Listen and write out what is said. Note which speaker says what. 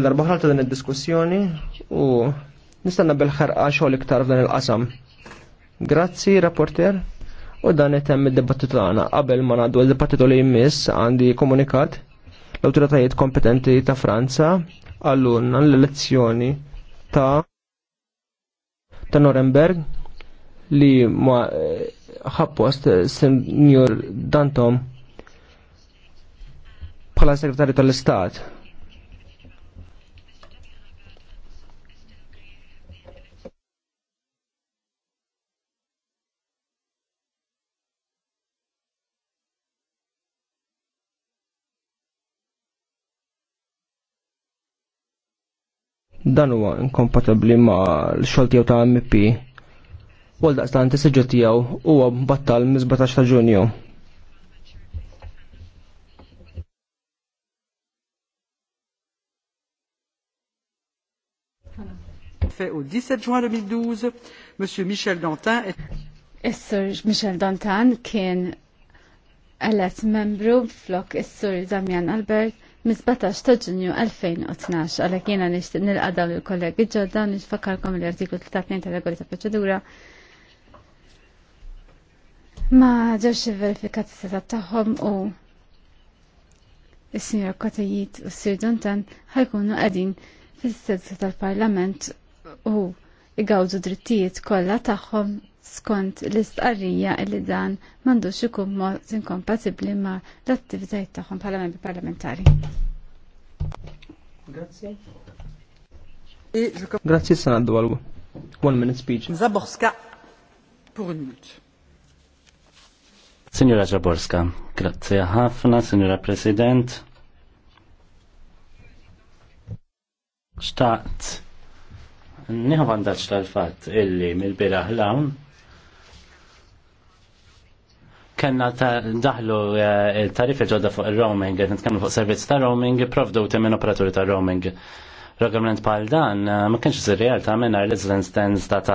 Speaker 1: darba ħalta din id-diskussjoni u nistanna bil-ħarqa xogħol iktar f'dan il-qasam. Grazzi, rapporter, u dan itemm id-dibattitu tagħna. Qabel ma ngħaddu l-dibattitu li jmiss għandi komunikat l-awtoritajiet kompetenti ta' Franza għallunna l-elezzjoni ta' ta' Norenberg li ma eh, ħappost eh, Senjur Dantom bħala segretarju tal-Istat Dan huwa inkompatibbli ma' l-xogħol tiegħu ta' MP. Wal daqstant is tiegħu huwa battal mis 17 ta' Ġunju. fait au 17 juin 2012, M.
Speaker 2: Michel Dantin.
Speaker 3: Is-Sur Michel Dantin kien elett membru flok is-Sur Damian Albert Mizbatax ta' ġunju 2012 għalhekk jiena nixtieq nilqa' dawn il-kollegi ġodda nixfakkarkom l-artiklu 32 tal-regoli ta' proċedura ma ġewx il-verifikati ta' tagħhom u il sinjor Kotejit u s-sir Duntan ħajkunu qegħdin fis-sedza tal-Parlament u igawdu drittijiet kollha tagħhom skont l-istqarrija li dan mandux ikun mod inkompatibbli ma l-attivitajiet tagħhom bħala membri parlamentari.
Speaker 1: Grazie. Grazie Sanad Dwalgu. one minute speech. Zaborska, pur minut.
Speaker 2: Signora Zaborska, grazie a Hafna, signora President. Stat, nieħu vandaċ tal-fat illi mil biraħ lawn kena daħlu eh, tariffi ġodda fuq il-roaming, għed nitkellmu fuq servizz ta' roaming, provdu u minn operaturi ta' roaming. Regolament pal dan, eh, ma kienx iżir realtà minn għar l ta' ta'